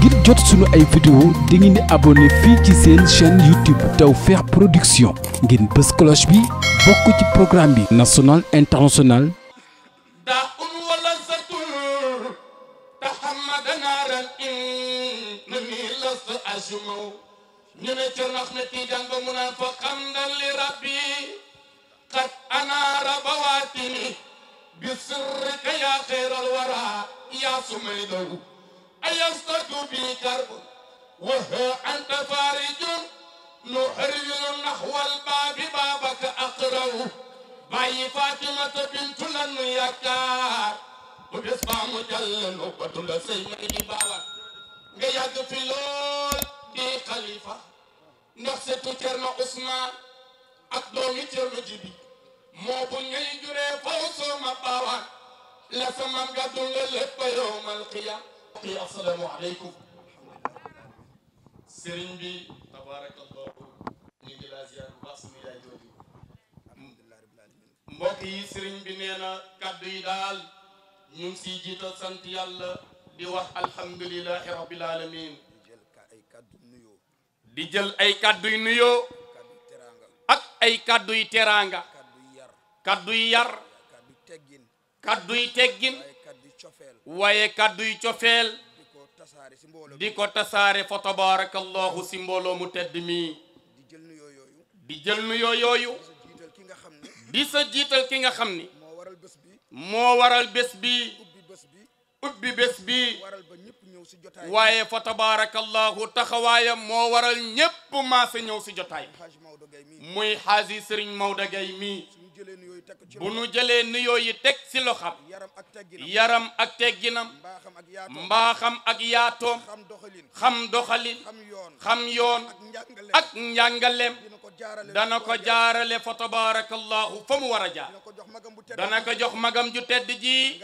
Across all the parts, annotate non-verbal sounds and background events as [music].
ngir jot sunu ay vidéo di ngeen di fii ci seen chaîne YouTube Tawfekh Production ngeen bës cloche bi bokk ci programme bi national international ñu ne cër wax na tiijaan ba mu naan fa xamdal li rabbi xat anaara bawaatini bi sirrika yaa xeyral wara yaa sumay daw أيصطد بي كرب وها أنت فارج نحرر نحو الباب بابك أقرأ باي فاطمة بنت لن يكار وبسمع مجلل وبدل سيمي باوان غياد في لول دي خليفة نفسي تكرنا عثمان أقدومي ترمجي جبي moo bu ñuy juree faw soo ma baawaan la sama nga dundal lépp yowmal qiyaam mbokk yi asalaamaaleykum sëriñ bi tabaarakallahu ñu ngi laa ziar bu baax suñu yaay jooju mbokk yi sëriñ bi nee na kàddu yi daal ñu ngi siy jiital sant yàlla di wax alhamdulilahi rabbil alamin di jël ay kàddu yu nuyoo ak ay kàddu yu teraanga kàddu yu yar kàddu yu teggin waaye kàddu yi cofeel di ko tasaare fa tabarakallahu si mbooloo mu tedd mi di jël nuyoo yooyu di sa jiital ki nga xam ni moo waral bés bi ubbi bés bi waaye fa tabarakallahu taxawaayam moo waral ñépp maase ñëw si jotaay muy xaaji sëriñ Maodo Gaye mii bu nu jëlee nuyoo yi teg si loxam yaram ak tegginam mbaaxam ak yaatoom xam doxalin xam yoon ak njàngaleem dana ko jaarale fa tabarakallahu fa mu war a jaar dana ko jox magam ju tedd ji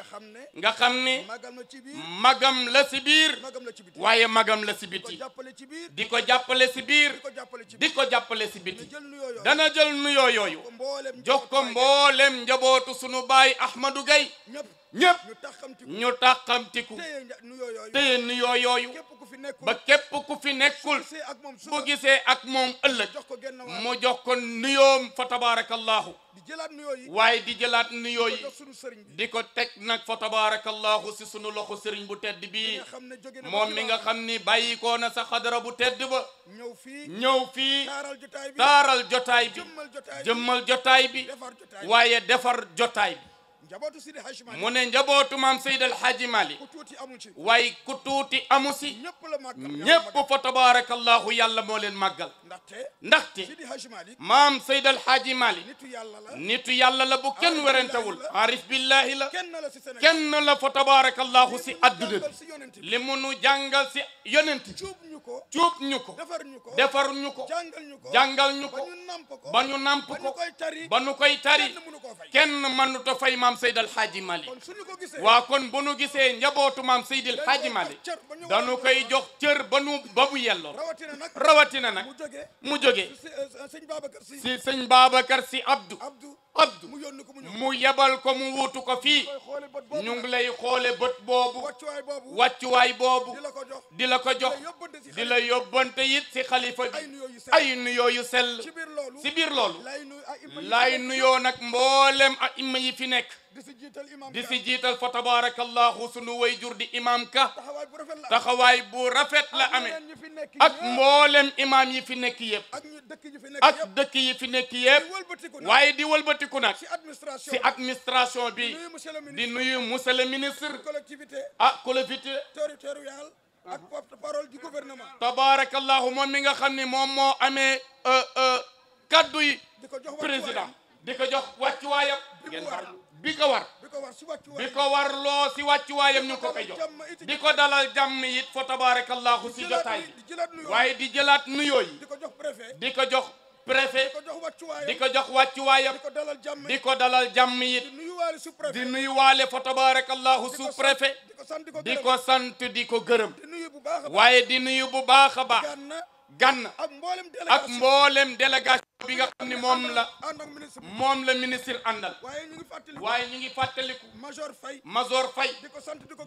nga xam ne magam la ci biir waaye magam la si biti di ko jàppale si biir di ko jàppale si biti dana jël nuyoo yooyu jox ko mboolem njabootu sunu baay Ahmadou Gueye ñëpp ñu taxamtiku téye nuyoo yooyu ba képp ku fi nekkul bu gisee ak moom ëllëg mu jox ko nuyoom fa tabarakallahu waaye di jëlaat nuyoo yi di ko teg nag fa tabarakallahu si sunu loxo sëriñ bu tedd bii moom mi nga xam ni bàyyi na sa xadara bu tedd ba ñëw fii taaral jotaay bi jëmmal jotaay bi waaye defar jotaay bi mu ne njabootu maam Seydi El Hadji Malick waaye ku tuuti amu si ñépp fa tabarakallahu yàlla moo leen màggal ndaxte maam Seydi El Hadji Malick nitu yàlla la bu kenn werantewul arif billahi la kenn la fa tabarakallahu si adduna bi li mu nu jàngal si yonent cuub ñu ko defar ñu ko jàngal ñu ko ba ñu ko ba ñu koy tari kenn mënut a fay maam Seydal Hadji Malick waa kon bu nu gisee njabootu maam Seydil Hadji Malick dañu koy jox cër ba nu ba mu yelloo rawatina nag mu jógee eh, si sëñ Babacar si Abdou Abdou mu yebal ko mu wuutu ko fii ñu ngi lay xoole bët boobu wàccuwaay boobu di la ko jox di la yóbbante it si xalifa bi ay nuyoo yu sell si biir loolu laay nuyoo nag mboolem a imma yi fi nekk di si jiital imam di si jiital fa tabarakallahu sunu wayjur di imam ka taxawaay bu rafet la amee ak mboolem imam yi fi nekk yëpp ak dëkk yi fi nekk yëpp waaye di wëlbatiku nag si administration bi di nuyu monsieur le ministre ah collectivité ak porte-parole du gouvernement tabarakallahu moom mi nga xam ne moom moo amee euh, euh, kaddu yi président di ko jox wàccuwaayam ngeen farlu bi ko war bi ko war loo si wàccuwaayam ñu ngi ko koy jox di ko dalal jàmm it fa tabarakallahu si jotaay bi waaye di jëlaat nuyoo yi di ko jox préfet di ko jox wàccuwaayam di ko dalal jàmm it di nuyuwaale fa tabarakallahu sous préfet di ko sant di ko gërëm waaye di nuyu bu baax a baax Gànn ak mboolem délégation bi nga xam ne moom la moom la ministre àndal waaye ñu ngi fàttaliku major fay major fay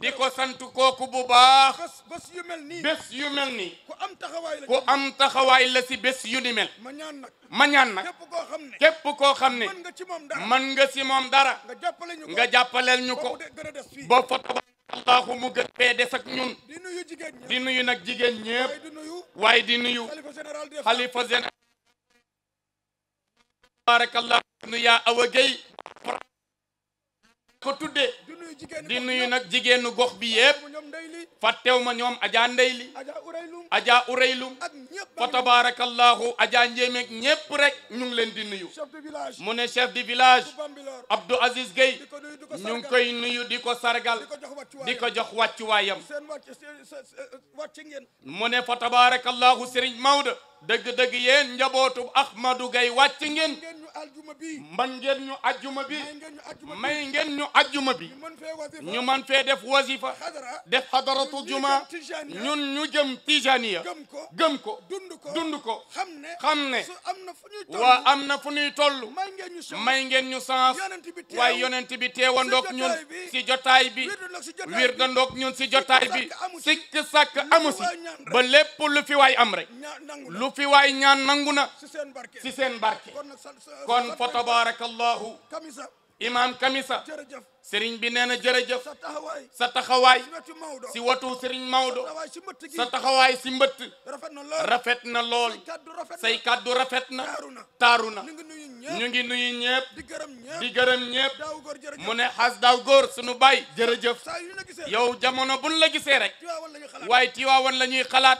di ko sant kooku bu baax bés yu mel nii bés yu mel nii ku am taxawaay la si bés yu ni mel ma ñaan nag képp koo xam ne man nga si moom dara nga jàppaleel ñu ko boo fa allahu mu gën bee des ak ñun di nuyu nag jigéen ñépp waaye di nuyu xalifa général barakallahu nu yaa awa gay ko tuddee di nuyu nag jigéenu gox bi yépp fàttew ma ñoom Adja Ndeyli Adja Ureylum fa tabarakallahu Adja Njéemeeg ñépp rek ñu ngi leen di nuyu mu ne chef de village Abdou Aziz Gueye ñu ngi koy nuyu di ko sargal di ko jox wàccuwaayam mu ne fa tabarakallahu Serigne Maodo dëgg-dëgg yeen njabootu Ahmadou Gaye wàcc ngeen man ngeen ñu ajjuma bi may ngeen ñu ajjuma bi ñu man fee def wasifa def xadaratu juma ñun ñu jëm tijaniya gëm ko dund ko xam ne waa am na fu ñuy toll may ngeen ñu sens waaye yonent bi teewandoog ñun si jotaay bi wir dandoog ñun si jotaay bi sikk sàkk amu si ba lépp lu fi waay am rek lu lu fi waay ñaan nangu na si seen barke kon fa tabaarakallahu imaam Kamisa. jërëjëf sëriñ bi nee na jërëjëf. sa taxawaay sa taxawaay. si watu sëriñ Maodo. sa taxawaay si mbëtt. rafet na lool rafet na lool. say kaddu rafet na taaru na. ñu ngi nuyu ñëpp di gërëm ñëpp mu ne xas daaw góor suñu baay jërëjëf yow jamono buñ la gisee rek waaye tiwaawan la ñuy xalaat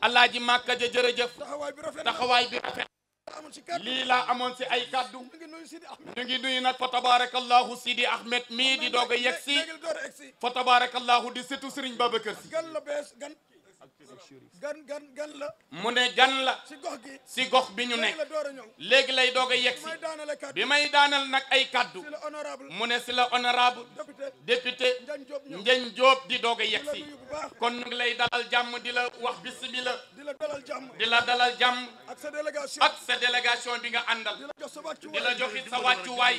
alaaji màkka ja jërëjëf taxawaay bi rafet lii laa amoon si ay kaddu ñu ngi nuyu nag fa tabarakallahu Sidi Ahmed mii di doog a yegg si fa tabarakallahu di sëtu Serigne Babacar Si gan gan gan la mu ne gan la si gox gi si gox bi ñu nekk léegi lay doog a yegg si bi may daanal nag ay kaddu mu ne si la honorable député Ndiagne Diop di doog a yegg si kon nag lay dalal jàmm di la wax bismillah di la dalal jàmm di la dalal jàmm ak sa délégation ak sa délégation bi nga àndal di la joxit sa wàccuwaay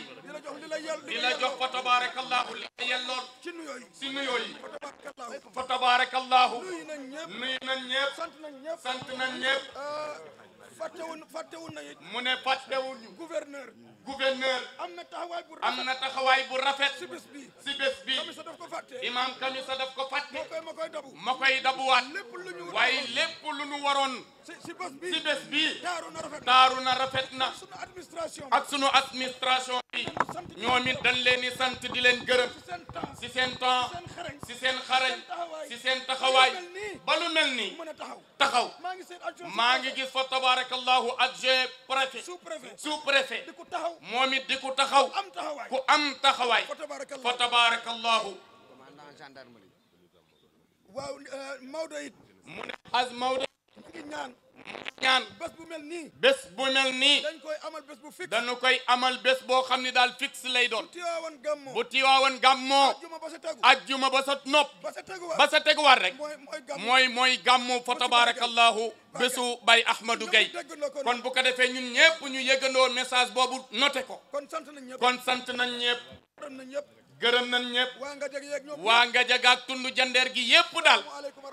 di la jox fa tabarakallahu li yelloon si nuyoo yi fa tabarakallahu nuyu nuyu nañ ñëpp sant nañ ñëpp sant nañ ñëpp ah. fàttewul fàttewul na it mu ne fàttewul ñu gouverneur gouverneur am na taxawaay bu rafet am na taxawaay bu rafet si bés bi si bés bi kamisa daf ko fàtte imaam kamisa daf ko fàtte ma koy ma koy dabu ma koy dabuwaat lépp lu ñu waaye lépp lu ñu waroon si si bés bi si bés bi taaru na rafet taaru na rafet na sunu administration ak sunu administration bi ñoom it dañ leen di sant di leen gërëm si seen temps si seen xarañ si seen taxawaay ba lu mel nii taxaw maa ngi gis tabarakallahu adjoint préfet sous préfet di ko taxaw moom it di ko taxaw ku am taxawaay fa tabarakallahu waaw euh, Maodo it mu ne as Maodo ñaan ñaan bés bu mel nii. bés bu mel nii. dañ koy amal bés bu fixe. dañu koy amal bés boo xam ni daal fixe lay doon. bu tiwaawoon gàmmoo. bu tiwaawoon gàmmoo. ajjuma ba sa tegu. ajjuma ba sa nopp. ba sa teguwaat ba sa teguwaat rek. mooy mooy gàmmu fa tabarakallahu bésu Baye Ahmadou Gueye kon bu ko defee ñun ñëpp ñu yëgandoo message boobu note ko. kon sant nañ ñëpp kon sant nañ ñëpp. gërëm na ñëpp waa nga jag ak tund jandeer gi yépp daal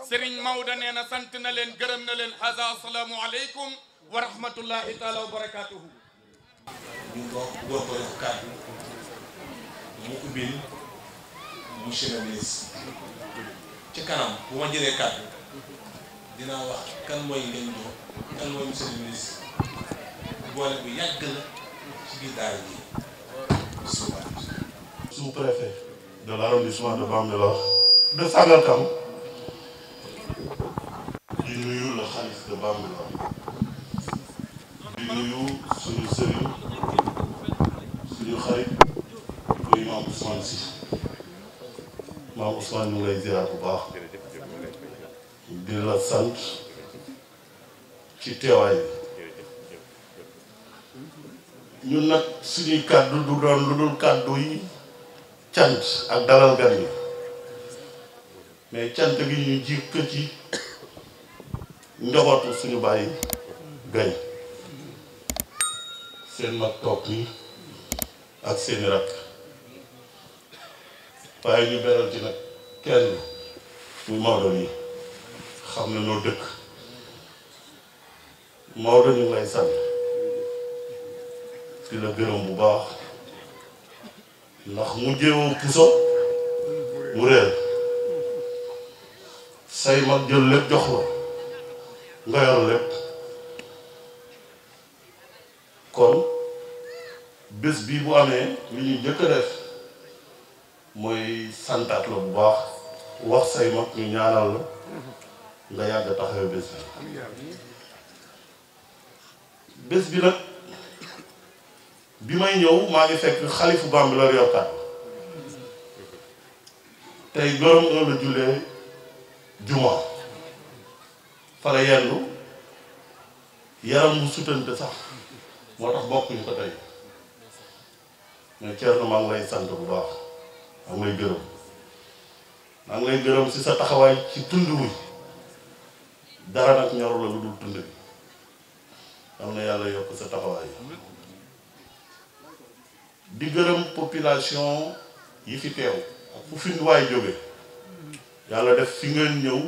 Serigne Maodo nee na sant na leen gërëm na leen haza asalaamu aleykum wa rahmatullahi taala wa barakaatuhu ñu bokk mu ubbil monsieur ci kanam bu ma jëlee kàddu dinaa wax kan mooy ngeen jox kan mooy monsieur le ministre boole bu yàgg la ci biir ji sous-préfet de l'arrondissement de Bambilor de Sangalkam di nuyu le xaalis de Bambilor di nuyu suñu sëriñ suñu xarit muy maam Ousmane si maam Ousmane ñu lay ziar bu baax di la sant ci teewaay bi ñun nag suñuy kàddu du doon lu dul kàddu yi cant ak dalal gan yi mais cant gi ñu ji kër ci njabootu suñu bàyyi gañ seen mag toog ni ak seeni rakk waaye ñu beral ci kenn muy Maodo yi xam ne noo dëkk Maodo ñu ngi lay sant gërëm bu baax ndax mu jéewu puso mu réer say mag jël lépp jox la nga yor lépp kon bés bii bu amee li ñu jëkk def mooy santaat la bu baax wax say mag ñu ñaanal la nga yàgg taxawee bés bi bés bi nag bi may ñëw maa ngi fekk xalifu Bambilor yor tànk tey gorom heure la jullee juma fa la yaram mu sutante sax moo tax bokkuñu ko tey mais Thierno maa ngi lay sant bu baax maa ngi lay gërëm maa ngi lay gërëm si sa taxawaay ci tund wi dara nag ñoru la lu dul tund bi am na yàlla yokk sa taxawaay. di gërëm population yi fi teew ak fu fi waay jóge yàlla def fi ngeen ñëw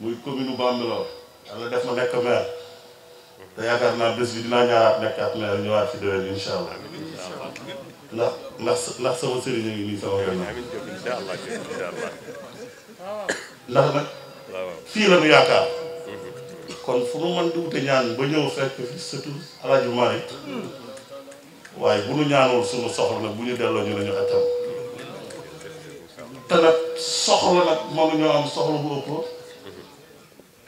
muy commune Bambilor yàlla def ma nekk maire te yaakaar naa bés bi dinaa ñaaraat nekkaat maire ñëwaat fi déwén incha allah ndax ndax sama sëriñ a ngi nii sama yoon ndax nag fii la ñu yaakaar kon fu nu mën di ñaan ba ñëw fekk fi surtout El Hadj Mari waaye bu nu ñaanul sunu soxla nag bu ñu delloo ñu ne ñu te nag soxla nag mënuñoo am soxla bu ëpp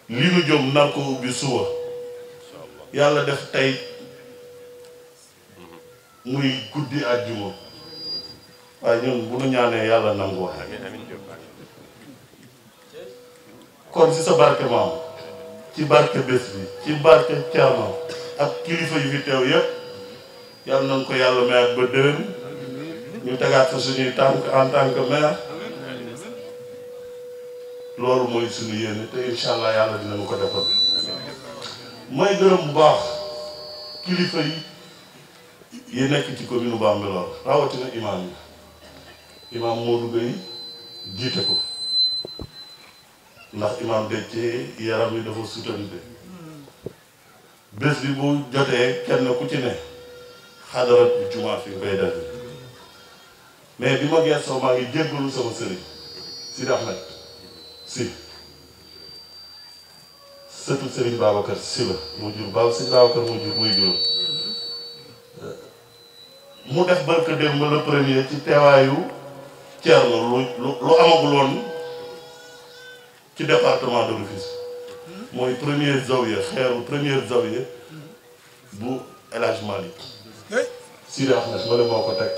li nu jom nar ko ubbi suba yàlla def tey muy guddi àjjuma waaye ñun bu nu ñaanee yàlla nangu wax kon si sa barke maam ci barke bés bi ci barke caamam ak kilifa yu fi yépp yàlla nañ ko yàlla mayaat ba déwén ñu tegaat fa suñuy tànk en tant que maire loolu mooy suñu yéene te incha allah yàlla dina ma ko defal mooy gërëm bu baax kilifa yi nekk ci commune Bambilor rawatina imaam yi imaam Modou Gueye jiite ko ndax imaam deccee yaram yi dafa sutante bés bi bu jotee kenn ku ci ne xadarat bi jumaa fi nga koy defee mais bi ma gëstoo maa ngi jéggalu sama sëriñ si dax nag si sëriñ Babacar si la moo jur Baba sëriñ jur muy juróom mu def barka démb le premier ci teewaayu Thierno lu lu amagul ci département de Rufisque mhm. mooy premier zawiya xeeru première zawiya bu El Hadj Sidi Ahmed loolu moo ko teg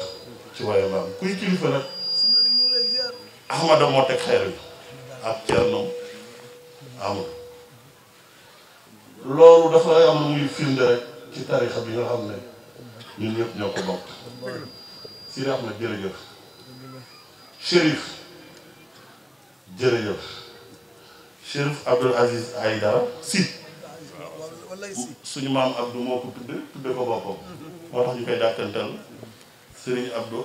ci waaye maam kuy kilifa nag Ahmada moo teg xeer bi ak cernom amul loolu dafa am lu muy firnde rek ci tarixa bi nga xam ne ñun ñëpp ñoo ko bokk Sidi Ahmed jërëjëf Chérif jërëjëf Chérif Abdoul Aziz Aïdara si suñu maam Abdou moo ko tudde tudde ko boppam moo tax ñu koy dàkkantal Serigne Abdou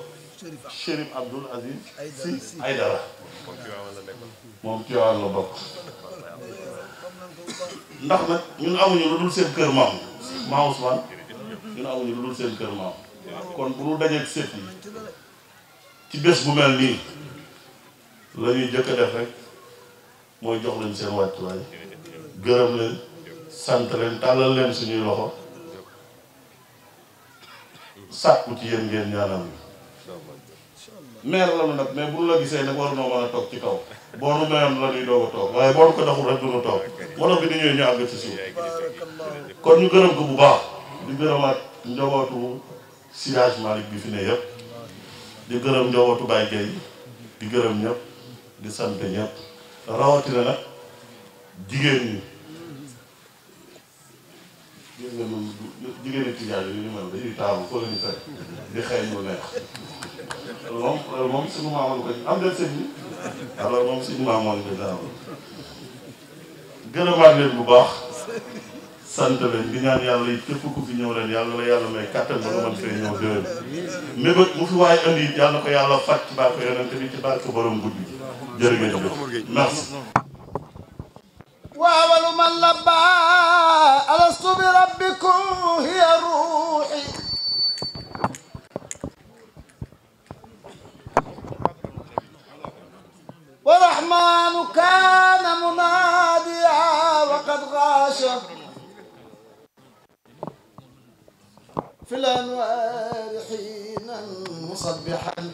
Chérif Abdoul Aziz Aydara moom Tiwaawan la bokk ndax nag ñun amuñu lu dul seen kër maam maam ñun amuñu lu dul seen kër maam kon bu ñu dajeeg sët yi ci bés bu mel nii la jëkk def rek mooy jox leen seen wàccuwaay gërëm leen sant leen tàllal leen suñuy loxo sàkku ci yéen ngeen ñaanal ñu meer la nu bu nu la gisee nag war noo mën a toog ci kaw boo nu mayoon la nuy doog a toog waaye boo nu ko doxul rek du nu toog wala bi ni ñëwee ñu àgg ci suuf kon ñu gërëm ko bu baax di gërëmaat njabootu Siraj Malick bi fi ne yëpp di gërëm njabootu Baye Gueye di gërëm ñëpp di sant ñëpp rawatina nag jigéen ñi gis nga moom jigéen tijaan yi ñu mel dañuy taamu foo leen fekk di xëy mu neex loolu moom loolu moom maamoon ko am del sëñ bi alors moom suñu maamoon ko daaw leen bu baax sant leen di ñaan yàlla it képp ku fi ñëw leen yàlla la yàlla may kattan ba nga mën fee ñëw déwén mu fi waaye andi it yàlla ko yàlla faj ci barke yonente bi ci barke borom guddi jërë ngeen jëf وأول من لبى ألست بربكم هي روحي ورحمن كان مناديا وقد غاش في الأنوار حينا مصبحا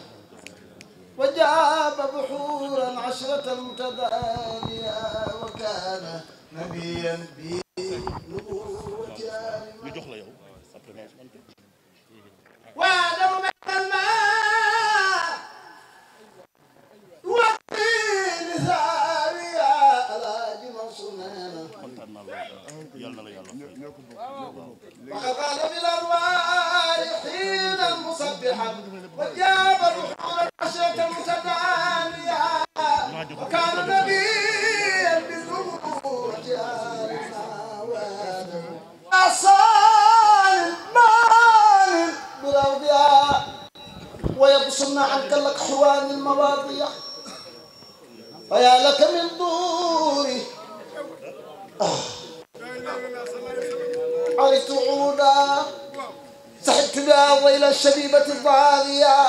وجاب بحورا عشرة متدانية كان نبيا بي وادم ما وقيل ساريا على جمع سنانا وقد قال بالانوار حينا مصبحا وجاب الروح عشره متدانيا وكان نبيا ويبصرن عنك الأكحوان المواضيع فيا لك من دور عرفت عودا سحبت بها ويل الشبيبة الضاغية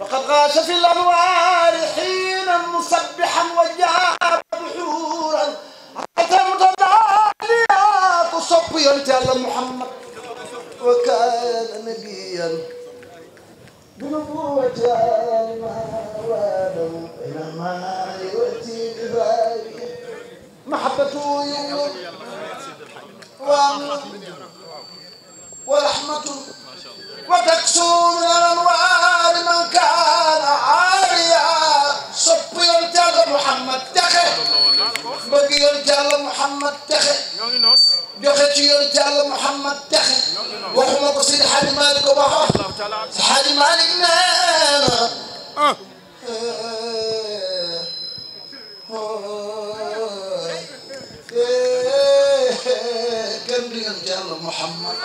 وقد غاش في الأنوار حينا مسبحا وجاء بحورا حتى متداليا تصب ينتهي محمد وكان نبيا بنبوة ما وادم إلى ما يؤتي بذلك محبته يوم na ci yoon Yàlla Muhammad taxe waxuma ko Seydi Hadji Malick ko wax Seydi Hadji Malick neena ah. eh, eh, kenn du yoon Yàlla Muhammad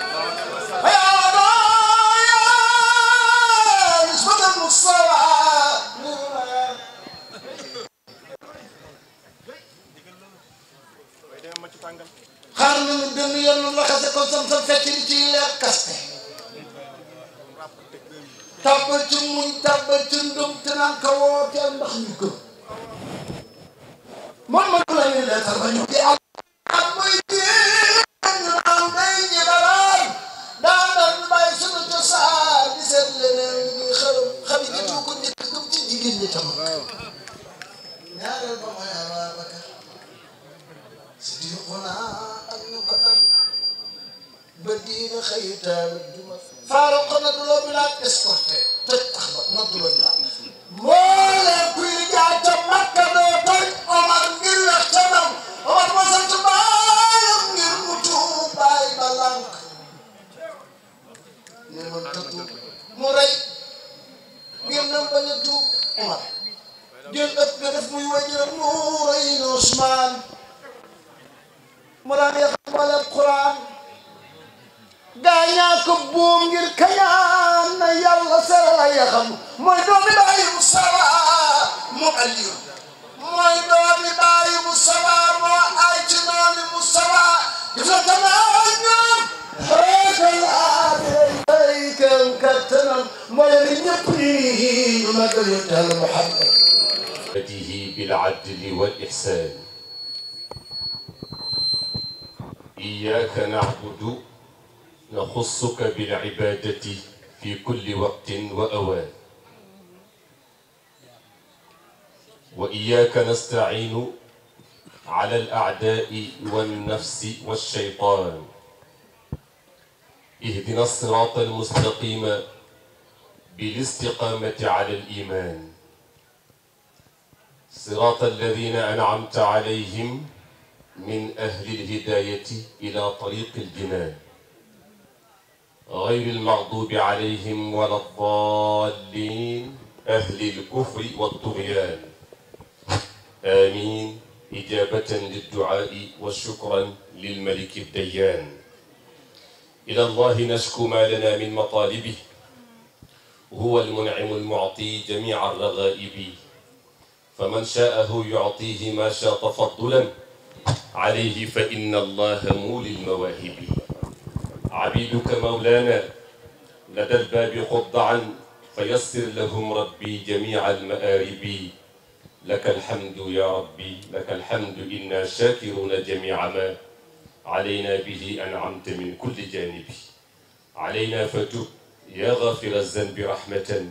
tàngal xaar nañu benn yoon nu laxase ko sam-sam fekk ni ciy leer kaste tàbbal ci muñ tàbbal ci ndëm te naan ko wooteel ndax ñu gëm moom ma du la ñu leetar ba ñu di am ak muy jéem am day ñi dalaan daa daan bàyyi suñu cosaan di seet leneen ñuy xërëm xam yi ko njëkk gëm ci jigéen ñi tam ñaareel ba mooy Ababakar صديقنا أن يقدم بدينا خيتا الجمل فارقنا دلو بلا اسكوتي تتخبط ندلو بلا مولا كوي جاتا مكة دو تاج عمر غير لختنم عمر وصلت بايم غير متو باي بلانك نمن تتوب مري غير نمبن يتوب عمر جيل أبقى دفمي وجر نورين عثمان mu daan yaqbal alquran gaañaa ko buum ngir kañaan na yàlla sara yaxam mooy doomi baayu mu sara mu aliyu mooy doomi baayu mu sara moo ay ci noonu mu sara gisa kanaan ñoom xeetal aadee day kan kattanam moo leen ñëpp yi ñu magal yu tal muhammad. bil adli wal ihsan iyaaka nacbudu naxussuka bilcibaadati fi kulli waqtin wa awaan wa iyaaka nastaciinu cala alacdaai wannafsi walshaytaan ihdina siraata almustaqiima bilistiqaamati cala aliimaan siraata alladina ancamta calayhim من أهل الهداية إلى طريق الجنان غير المغضوب عليهم ولا الضالين أهل الكفر والطغيان آمين إجابة للدعاء وشكرا للملك الديان إلى الله نشكو ما لنا من مطالبه هو المنعم المعطي جميع الرغائب فمن شاءه يعطيه ما شاء تفضلا عليه فإن الله مولي المواهب عبيدك مولانا لدى الباب خضعا فيسر لهم ربي جميع المآرب لك الحمد يا ربي لك الحمد إنا شاكرون جميع ما علينا به أنعمت من كل جانب علينا فتب يا غافر الذنب رحمة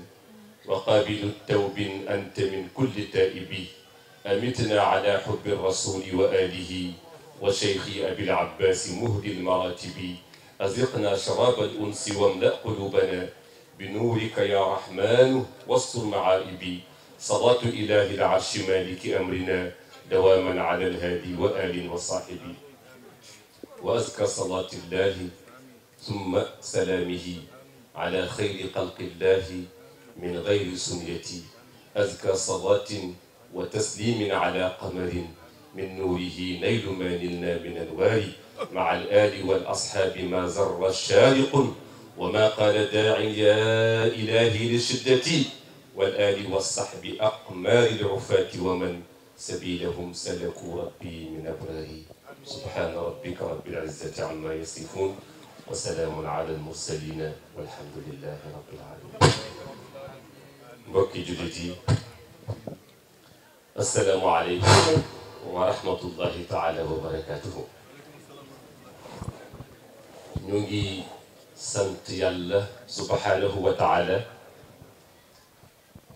وقابل التوب أنت من كل تائب أمتنا على حب الرسول وآله وشيخي أبي العباس مهدي المراتب أزقنا شراب الأنس واملأ قلوبنا بنورك يا رحمن واستر معائبي صلاة إله العرش مالك أمرنا دواما على الهادي وآل وصاحبي وأزكى صلاة الله ثم سلامه على خير خلق الله من غير سنيتي أزكى صلاة wa taslimin ala qamarin min nuurihi naylu ma nilna min anwaari maa al aali wal ashaabi ma zarra shaariqun wa ma qaala daacin ya ilaahi li shiddati wal aali wa saxbi aqmaari l rufaati wa man sabiilahum salaku rabbi min abraari subhaana rabbika rabbil izzati ammaa yasifuun wa salaamun alal mursaliin walhamdu lillaahi rabbil aalamiin mbokki jullit yi asalaamualeykum wa rahmatullahi taala wa barakatuhu ñu ngi sant yàlla subhanahu wa taala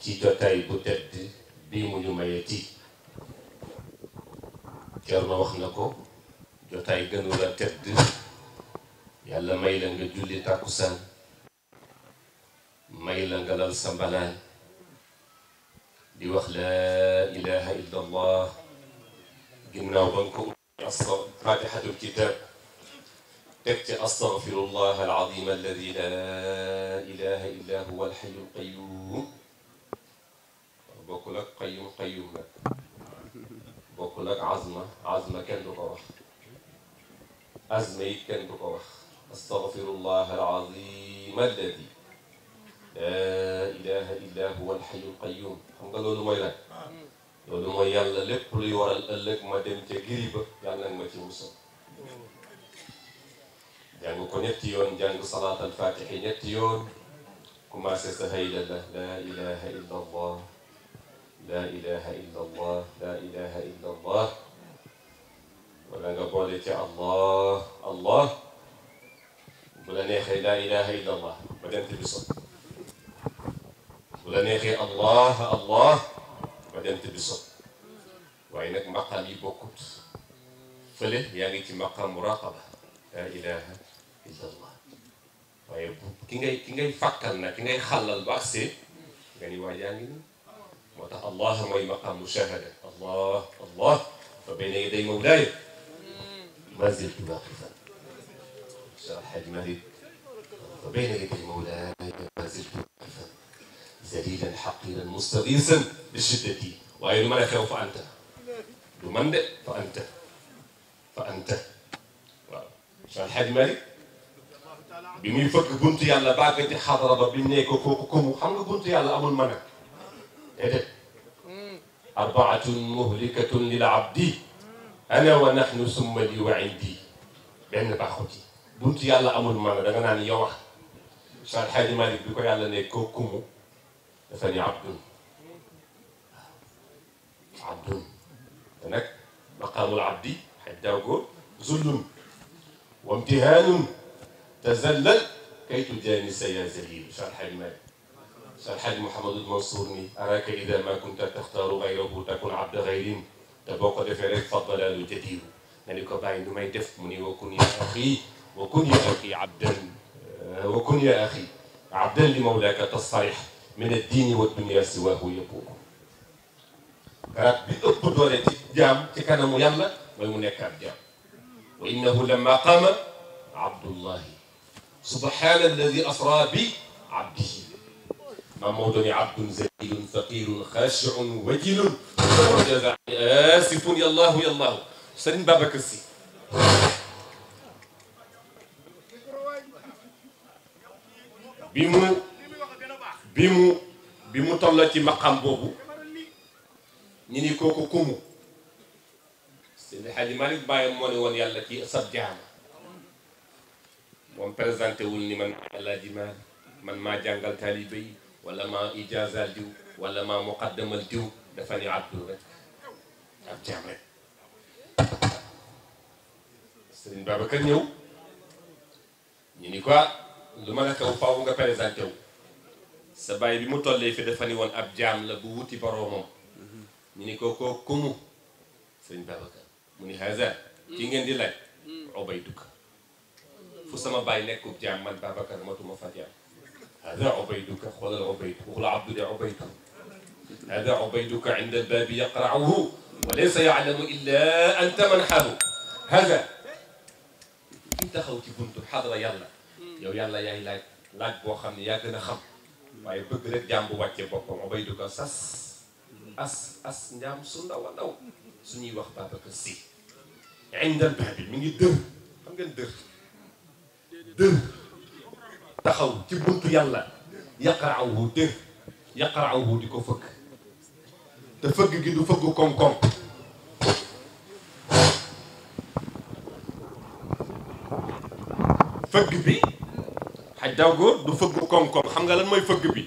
ci jotaay bu tedd bi mu ñu mayeti Ceerno wax na ko jotaay gënu la tedd yàlla may la nga julli tàkkusaan may la nga lal sa mbalaan di wax laa ilaha illa allah ginnaaw ba nga ko ubbi fatihatul kitab teg ci astaghfirullah alazim alladi laa ilaha illa huwa alhayyul qayyum bokkul ak qayyum qayyum la bokkul ak azma azma kenn du ko wax azma it kenn du ko wax astaghfirullah alazim alladi laa ilaha illa huwa alxayyul qayyum xam nga loolu mooy lan loolu mooy yàlla lépp luy waral ëllëg ma dem ca giri ba yàlla nga ma ci musal ko ñetti yoon jàng salaat al faatihi ñetti yoon commencé sa hayda la laa ilaha illa laa ilaha illa allah laa allah ci allah allah bu la neexee laa ilaha illa allah dem bi bu la neexee allah allah ba dem tëdd sob waaye nag maqam yi bokkut fële yaa ngi ci maqam muraqaba la ilaha illa allah waaye bu ki ngay ki ngay fàkkal na ki ngay xàllal bu agsee nga ni waay yaa ngi nii moo tax allah mooy maqam mushahada allah allah fa bayna yaday mawlaaya ma ziltu waaqifan Alxaaji Maalik fa bayna yaday mawlaaya ma ziltu waaqifan zalilan xaqiran mustagiisan bi shiddati waaye lu mën a xew fa anta du man fa anta fa anta waaw Cheikh bi muy fëgg buntu yàlla bàgg ci xadara ba bi ne ko kooku komu amul mën a déedéet arbaatun muhlikatun lil abdi ana wa nahnu summa li wa indi benn baaxu ci buntu yàlla amul mën a da nga naan wax Cheikh Al Hadj Malick bi dafa ni abdun abdun te nag maqaamul abdi xaj daaw ko zullun wa imtihaanun tazallal kay tujaani sa yaa zaliil sharxali malik sharxali Mouhamadul Mansour ni araka ida ma kunta taxtaaru gayrahu takun abda gayrin te boo ko defee rek fadlalaalu jadiiru nga ni ko bàyyi lu may def mu ni wa kun yaa axi wa kun yaa axi abdan wa kun yaa axi abdan li mawlaaka tastarix mi ne diini wa dunya siwaahu yëppuko garab bi ëpp doole ci jaam ci kanamu yàlla mooy mu nekkaat jaam wa innahu lamma qaama abdullahi subhaana alladi asra bi abdihi maam Maodo ni abdun zalilun faqirun xaashiun wajilun asifun yallaahu yallaahu sëriñ Babacar Si bi mu bi mu bi ci maqam boobu ñu ni kooku kumu Seydi Hadji Malick bàyyam moo ne woon yàlla ci sab jaama moom présenté wul ni man Alaaji Maalik man maa jàngal taalibe yi wala maa ijaazal diw wala maa muqaddamal diw dafa ni abdul rek ab jaam rek Sëriñ Babacar ñëw ñu ni ko ah, lu ma la kaw faaw nga présenté wu sa baay bi mu tollee fi dafa ni woon ab jaam la bu wuti boroomam ñu ni ko koo kumu sëñ Babacar mu ni haza ki ngeen di laaj Ubayduka fu sama baay nekkub jaam man Babacar matuma fa jaam haza Ubayduka xoolal Ubaydu waxula abdu de Ubaydu haza Ubayduka inda albaabi yaqra'uhu wa laysa ya'lamu illa anta man xaru haza ki taxaw ci buntu xadra yàlla yow yàlla yaay laaj laaj boo xam ne yaa gën a xam waaye bëgg rek jaam bu wàcce boppam obay du sas as as njaam su ndaw a ndaw suñuy wax Babacar Sy indal baabi mi ngi dër xam dër dër taxaw ci buntu yàlla yaqaraawu dër yaqaraawu di ko fëgg te fëgg gi du fëgg koom-koom fëgg bi aj daw góor du fëgg koŋ-koŋ xam nga lan mooy fëgg bi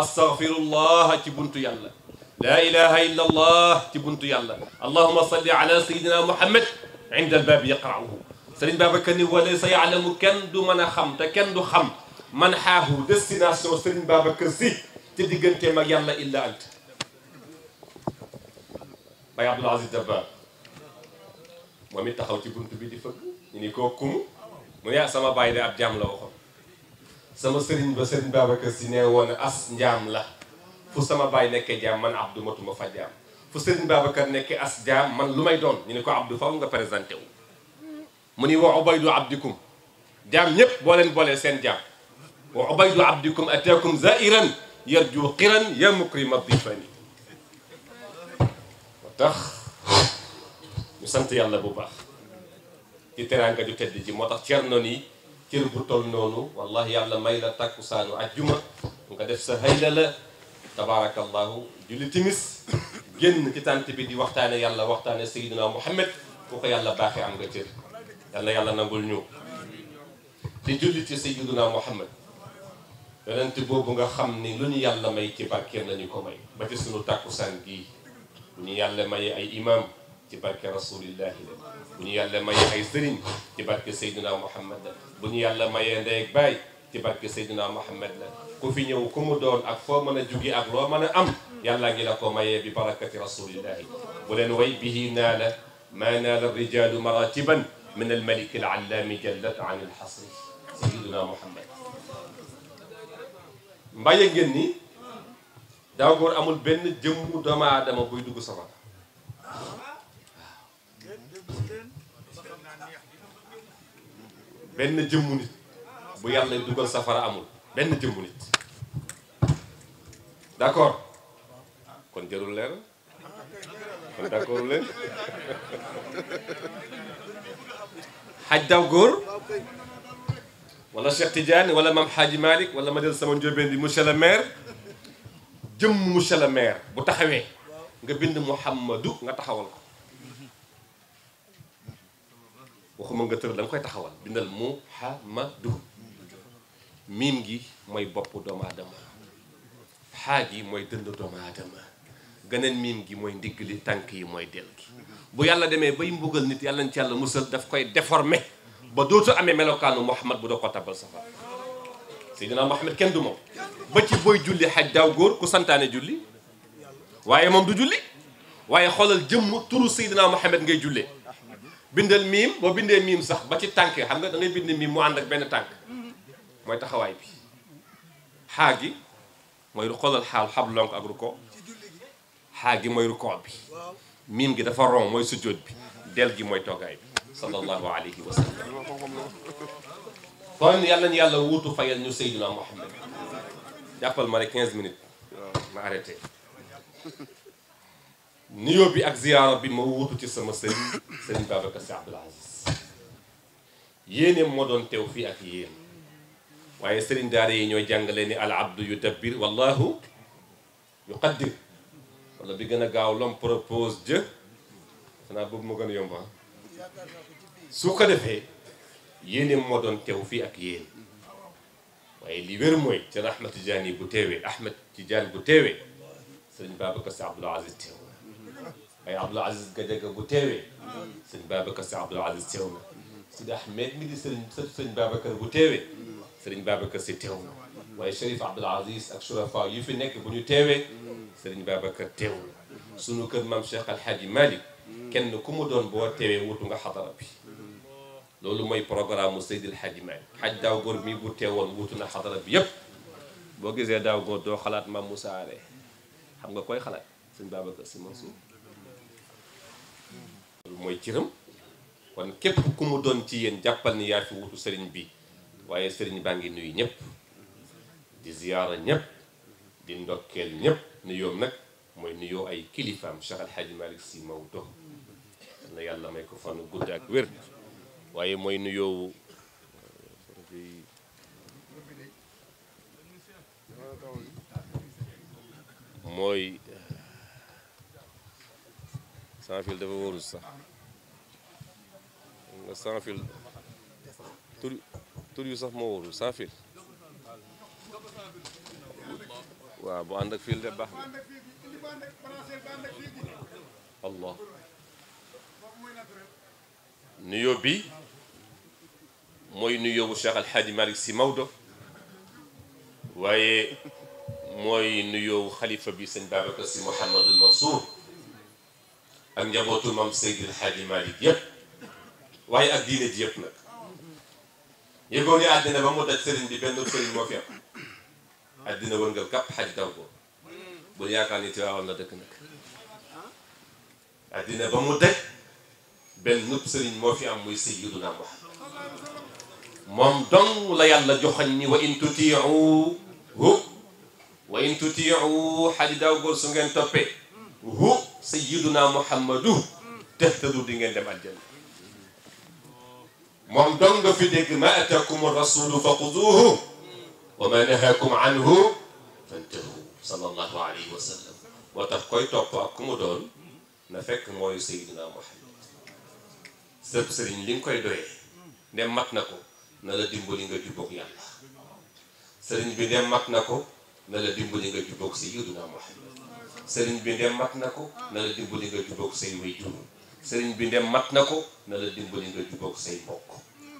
astaghfirullah ci buntu yàlla laa ilaha illa allah ci buntu yàlla allahuma salli ala sayidina muhammad inda albaabi yaqra'uhu sëriñ Babacar ni wala sa yaalamu kenn du mën a xam te kenn du xam man xaahu destination sëriñ Babacar si ci digganteem ak yàlla illa ant bay Abdul Aziz Dabba moom it taxaw ci buntu bi di fëgg ñu ni koo kumu mu ne ah, sama bàyyi de ab jaam la waxoon sama sëriñ ba sëriñ Babacar si nee as njaam la fu sama baay nekkee jaam man Abdou matuma fa jaam fu sëriñ Babacar nekkee as jaam man lu may doon ñu ne ko Abdou faw nga présenté wu mu ni wa ubaydu abdikum jaam ñépp boo leen boolee seen jaam wa ubaydu abdikum ataakum zairan yarju xiran ya mukrima difani moo tax ñu sant yàlla bu baax ci teraanga cër bu toll noonu wallahi yàlla may la takkusaanu ajjuma nga def sa hayla la tabaarakallahu julli timis génn ci tànt bi di waxtaane yàlla waxtaane sayyidina muhammad ku ko yàlla am nga cër yàlla yàlla nangul ñu di julli ci sayyidina muhammad yonent boobu nga xam ni lu ñu yàlla may ci ko may ba ci takkusaan gii lu ñu yàlla maye imam ci barke rasulillahi la bu ñu yàlla mayee ay sëriñ ci barke Seydina Muhammad la bu ñu yàlla mayee ndey ak baay ci barke Seydina Muhammad la ku fi ñëw ku mu ak foo mën a jugi ak loo am yàlla ngi la ko mayee bi barakati rasulillahi bu leen way bihi naala maa naala rijaalu maratiban min almalik alallaami jallat an alxasri Seydina Muhammad mbaye ngeen ni daaw góor amul benn jëmmu doomu aadama buy dugg safara benn jëmmu nit bu yàlla dugal safara amul benn jëmmu nit d'accord kon jarul leer kon d'accord leen xaj daw góor wala Cheikh Tidiane wala maam Xaaji Malick wala ma jël sama njóobeen bi monsieur le mair jëmm monsieur le maire bu taxawee nga bind Mouhamadou nga taxawal ko waxuma nga tër da koy taxawal bindal muhammadu miim gi mooy bopp doomu aadama xaa gi mooy dënd doomu aadama geneen miin gi mooy ndigg li tànk yi mooy del gi bu yàlla demee bay mbugal nit yàlla na ci yàlla musal daf koy déformé ba dootu amee melokaanu muhammad bu doo ko tabal safar seydina muhammad kenn du moom ba ci booy julli xaj daaw góor ku santaane julli waaye moom du julli waaye xoolal jëmm turu seydina muhammad ngay jullee bindal miim boo bindee miim sax ba ci tànk xam nga da ngay bind miim mu ànd ak benn tànk mm-hmm. mooy taxawaay bi xaa gi mooy xoolal xaal xab lonk ak ruko xaa gi mooy ruko bi miim gi dafa ron mooy sujjóot bi del gi mooy toggaay bi sallallahu alayhi wa sallam kon yàlla na yàlla wuutu fayal ñu Seydina Muhammad jàppal ma ne 15 minutes ma arrêté nuyoo bi ak ziyaara bi ma ci sama sëriñ sëriñ Babacar Sy Abdoul Aziz yéeneem moo doon teew fii ak yéen waaye sëriñ daara yi ñooy jàngale ni al abdu yudabbir wallahu yuqaddir wala bi gën a gaaw l'homme propose Dieu xanaa boobu moo gën a yomba ah. su ko defee yéeneem moo doon teew fii ak yéen waaye li wér mooy ci Ahmed Tidiane bu teewee Ahmed Tidiane bu teewee sëriñ Babacar Sy Abdoul Aziz teew ay Abdoul Aziz Gadiaga bu teewee sëñ Babacar si Abdoul Aziz teew na Ahmed mi di sëñ sëtu bu teewee sëriñ Babacar si teew na waaye Cherif Abdoul yu fi nekk bu ñu teewee sëriñ Babacar teew sunu kër maam Cheikh Al Hadji Malick kenn ku mu doon boo teewee wutu nga xadara bi loolu mooy programme mu Seydil Hadji Malick xaj daaw góor mii bu teewoon wutu na xadara bi yépp boo gisee daaw góor doo xalaat maam Moussa Allé xam nga koy xalaat sëñ Babacar si Mansour loolu mooy cëram kon képp ku doon ci yéen jàppal ni yaa fi wutu sëriñ bi waaye sëriñ baa ngi nuyu ñëpp di ziyaara ñëpp di ndokkeel ñëpp nuyoom nag mooy nuyoo ay kilifaam Cheikh Al Hadj Malick Sy yàlla may ko fanu gudd ak wér waaye mooy nuyoo mooy sans fil dafa wóorul sax moo wóorul sans fil waaw bu ànd ak fil de allah nuyoo bi mooy nuyoo bu Cheikh Alxaaji Malick Sy Maodo waaye mooy nuyoo xalifa bi sëñ Babacar Sy Mouhamadul Mansour ak njabootu maam Seydil Hadji Malick yépp waaye ak diine ji yépp nag yëgoon ni àddina ba mu daj sëriñ bi benn sëriñ moo fi am àddina wër nga ba mu daj benn nëpp sëriñ moo fi am muy Sayyiduna Muhammad moom dong la yàlla joxoñ ni wa in tutiihu hu hu sayyiduna muhammadu tehtadu di ngeen dem aljanna moom dong nga fi dégg ma ataakum rasulu fa xuduuhu wa ma nahaakum anhu fantahu sallallahu alayhi wa sallam moo tax na fekk mooy sayyiduna muhammad sëpp nga koy doyee ndem mat na ko na la dimbali nga jubboog yàlla sëriñ bi ndem na ko sëriñ bi ndem mat na ko na la dimbali nga jubóog say waajur sëriñ bi ndem mat na ko na la dimbali nga jubóog say mbokk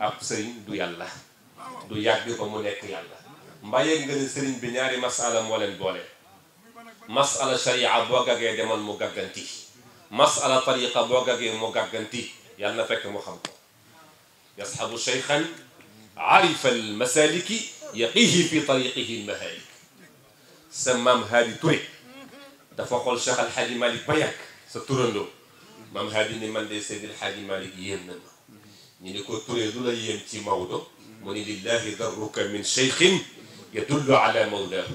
ab sëriñ du yàlla du yàgg ba mu nekk yàlla mbaa yëg nga ne sëriñ bi ñaari masala moo leen boole masala sharia boo gaggee demal mu gàgganti masala tariqa boo gaggee mu gàgganti yàlla na fekk mu xam ko yasxabu cheykhan arifa almasaliki yaqihi fi tariqihi almahalik sa maam haadi Touré dafa xool Cheikh Al Hadj Malick ba yàgg sa turandoo maam Hadj ni man de Seydi Al Hadj Malick yéem na ma ñu ni ko turee du la yéem ci Maodo mu ni lillahi darruka min cheikhin yadullu ala mawlaahu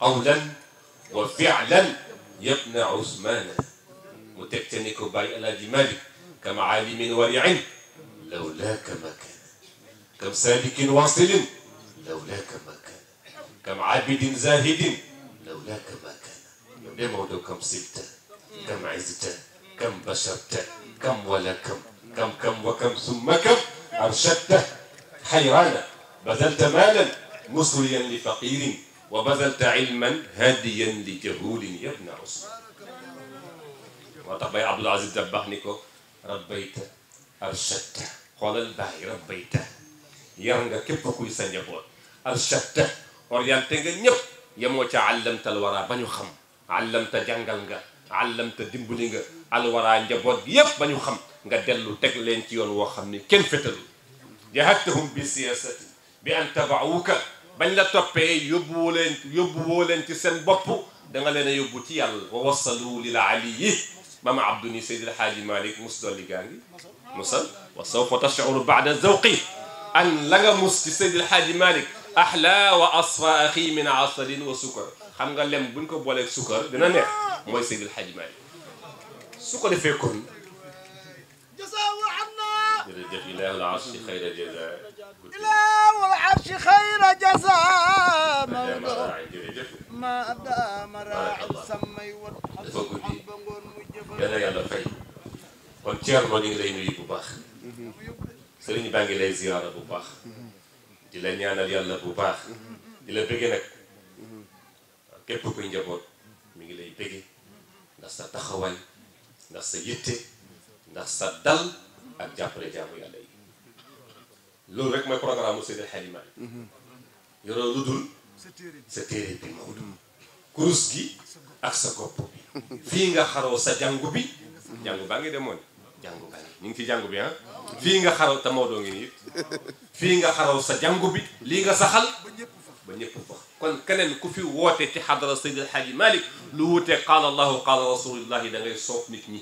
qawlan wa fi'lan yabna Ousmane mu teg te ni ko bàyyi El Hadj Malick kama aalimin wari'in lawlaaka ma kaana kam saalikin waasilin lawlaaka ma kaana kam abidin zaahidin lawlaaka ma لمودكم سبت كم عزت كم بشرت كم ولكم كم كم وكم ثم كم أرشدت حيرانا بذلت مالا مسريا لفقير وبذلت علما هاديا لجهول يا ابن عثمان moo tax bay Abdul Aziz Dabbax ni ko rabbayta arshadta xoolal bàyyi rabbayta yar nga képp kuy sa njaboot arshadta orienté nga ñëpp yemoo ca àllamtal wara ba ñu xam àllamta jàngal nga àllamta dimbali nga alwaraa njaboot gi yépp ba ñu xam nga dellu teg leen ci yoon woo xam ni kenn fétalu jahattahum bi siyaasati bi an tabaawuka bañ la toppee yóbbuwoo leen yóbbuwoo leen ci seen bopp da nga leen a yóbbu ci yàlla wa wasalu lil aliyi maama abdu ni seydil haaji malik mus dolli gaa ngi musal wa sawfa tashcuru bada zawqi an la nga mus ci seydil haaji malik ahla wa asfa axi min asalin wa sukar xam nga lem buñ ko booleeg sukkar dina neex mooy Seydil Hadji Malick su ko defee kon jërëjëf ilaa al arshi xayra jaza ilaa al arshi xayra jaza mawdo ma daama raal samay wat dafa guddi yàlla yàlla fay kon Thierno ñu ngi lay nuyu bu baax sëriñ baa ngi lay ziyaara bu baax di la ñaanal yàlla bu baax di la bëggee nag képp kuy njaboot mi ngi lay bëgge ndax sa taxawaay ndax sa yitte ndax sa dal ak jàppale jaamu yàlla yi loolu rek mooy programme mu Seydi Hadji yoroo lu dul sa téere bi Maodo kurus gi ak sa gopp fii nga xaroo sa jàngu bi jàngu baa ngi demoon jàngu baa ngi ñu ngi ci jàngu bi ah fii nga xaroo te Maodo ngi nii fii nga xaroo sa jàngu bi lii nga sa ba kon keneen ku fi woote ci xadara Seydi El Hadji Malick lu wute qaala allahu qaala rasulullahi da ngay soob nit ñi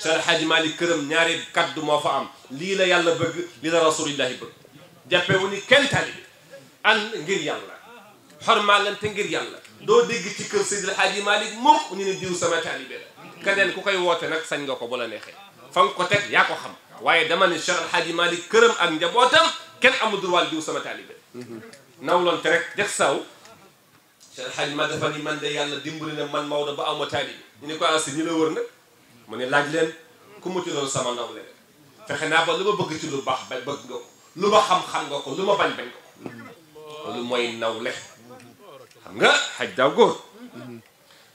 Seydi El Hadji Malick këram ñaari kaddu moo fa am lii la yàlla bëgg lii la rasulullahi bëgg jàppewu ni kenn tali ànd ngir yàlla xormaalante ngir yàlla doo dégg ci kër Seydi El Hadji Malick moom ñu ne diw sama taalibe la ku koy woote nag sañ nga ko bu la neexee fa nga ko teg yaa ko xam waaye dama ne Seydi El Hadji Malick këram ak njabootam kenn amul droit diw sama taalibe nawlonte rek dex saw Cheikh El ma dafa ni man de yàlla dimbali na man Maodo ba awma taali bi ñu ne ko ansi ah, ñu la wër nag mu ne laaj leen ku ma tuddal sama nawle rek fexe naa ba lu ma bëgg ci lu baax bëgg nga ko lu ma xam-xam nga ko lu ma bañ bañ nga ko loolu mooy nawle xam nga xaj daaw góor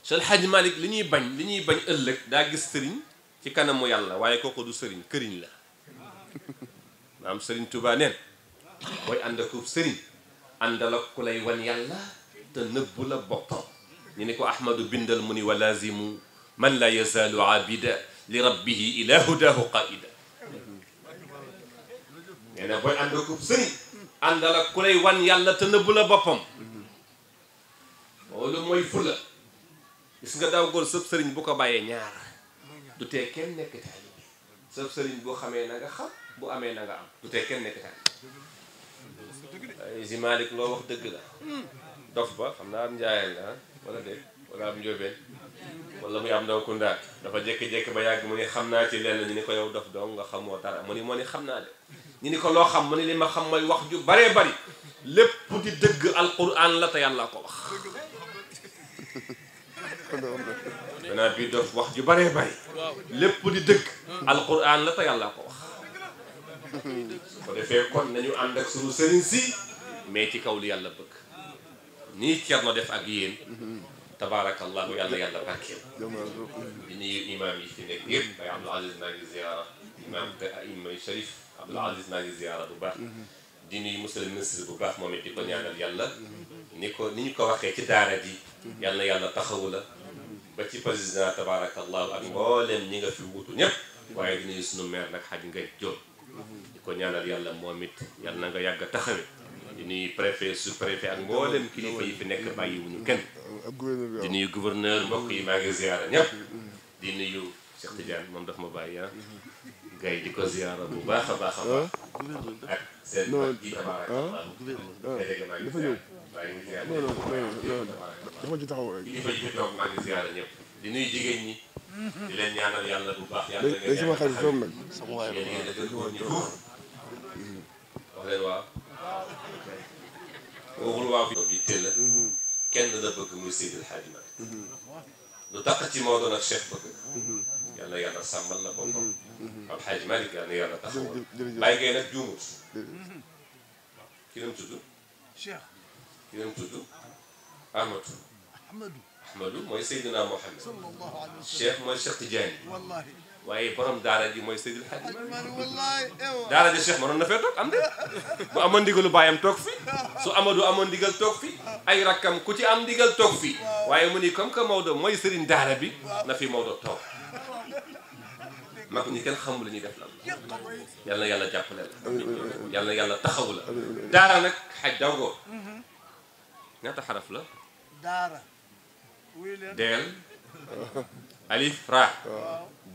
Cheikh El Hadj Malick li ñuy bañ li ñuy bañ ëllëg daa gis sëriñ ci kanamu yàlla waaye kooku du sëriñ këriñ la maam sëriñ Touba neen booy ànd sëriñ àndal ak ku lay wan yàlla te nëbbu la boppam ñu ne bindal mu ni man la yazaalu abida li rabbihi ila hudahu qaida nee na booy ànd ak sëriñ àndal wan yàlla te nëbbu la boppam loolu mooy fula gis nga daaw góor sëb sëriñ bu ko bàyyee ñaar du tee nekk taalibe sëb sëriñ boo xamee na nga xam bu amee na am du tee nekk taalibe Zimalik loo wax dëgg la dof ba xam naa am njaayeen la wala dégg wala am njóobeen wala muy am ndaw kundaa dafa jékki-jékki ba yàgg mu ni xam naa ci lenn ñu ni ko yow dof dong nga xamoo dara mu ni moo ni xam naa de ñu ni ko loo xam mu ni li ma xam mooy wax ju baree bari lépp di dëgg alquran la te yàlla ko wax danaa bii dof wax lépp di dëgg alquran la te yàlla ko wax su ko defee kon nañu ànd ak sunu sëriñ si mais ci kaw li yàlla bëgg nii Cerno def ak yéen tabaarakallahu yàlla yàlla barkeel di nuyu imaam yi fi nekk yëpp bay Abdul Aziz maa ngi ziyaara imaam imam Sharif Abdul Aziz maa ngi ziyaara bu baax di nuyu monsieur le ministre bu baax moom ko ñaanal yàlla ni ko ni ko waxee ci daara ji yàlla yàlla taxawu la ba ci président tabaarakallahu ak mbooleem ñi nga fi wutu xaj nga jóg ñaanal yàlla moom it na nga yàgg a di nuyu préfet sous-préfet ak mboolem kilifa yi fi nekk bàyyiwuñu kenn di nuyu gouverneur mbokk yi maa ngi ziara ñëpp di nuyu Cheikh Tidiane moom daf ma bàyyi ah. gay di ko ziara bu baax a baax a baax ah. ak seen mag yi tabaaraka ah. dafa ci taxaw rek kilifa yi fi toog maa ngi ziara ñëpp di nuyu jigéen ñi di leen ñaanal yàlla bu baax yàlla léegi sama xarit foofu nag sama waay la wax waxul waaw fi doom yi tëll kenn la bëgg muy Seydil Hadji Malick lu tax ci Maodo nag Cheikh bëgg yal na yàlla sàmmal la boppam Al Hadji Malick yal na yàlla taxawal bàyyi ngay nag juumut ki nam tudd ki nam tudd Ahmadou Ahmadou mooy Seydina Mouhamed Cheikh mooy Cheikh Tidiane waaye borom daara ji mooy Seydil Hadji daara ji Cheikh na fee toog am de bu amoon ndigalu baayam toog fi su Amadou amoon ndigal toog fi ay rakkam ku ci am ndigal toog fi waaye mu ni comme que Maodo mooy sëriñ daara bi na fi Maodo toog mag ñi kenn xamul li ñuy def la yal na yàlla jàppale la yal na yàlla taxaw la daara nag xaj mhm. la daara deel [laughs] alif ra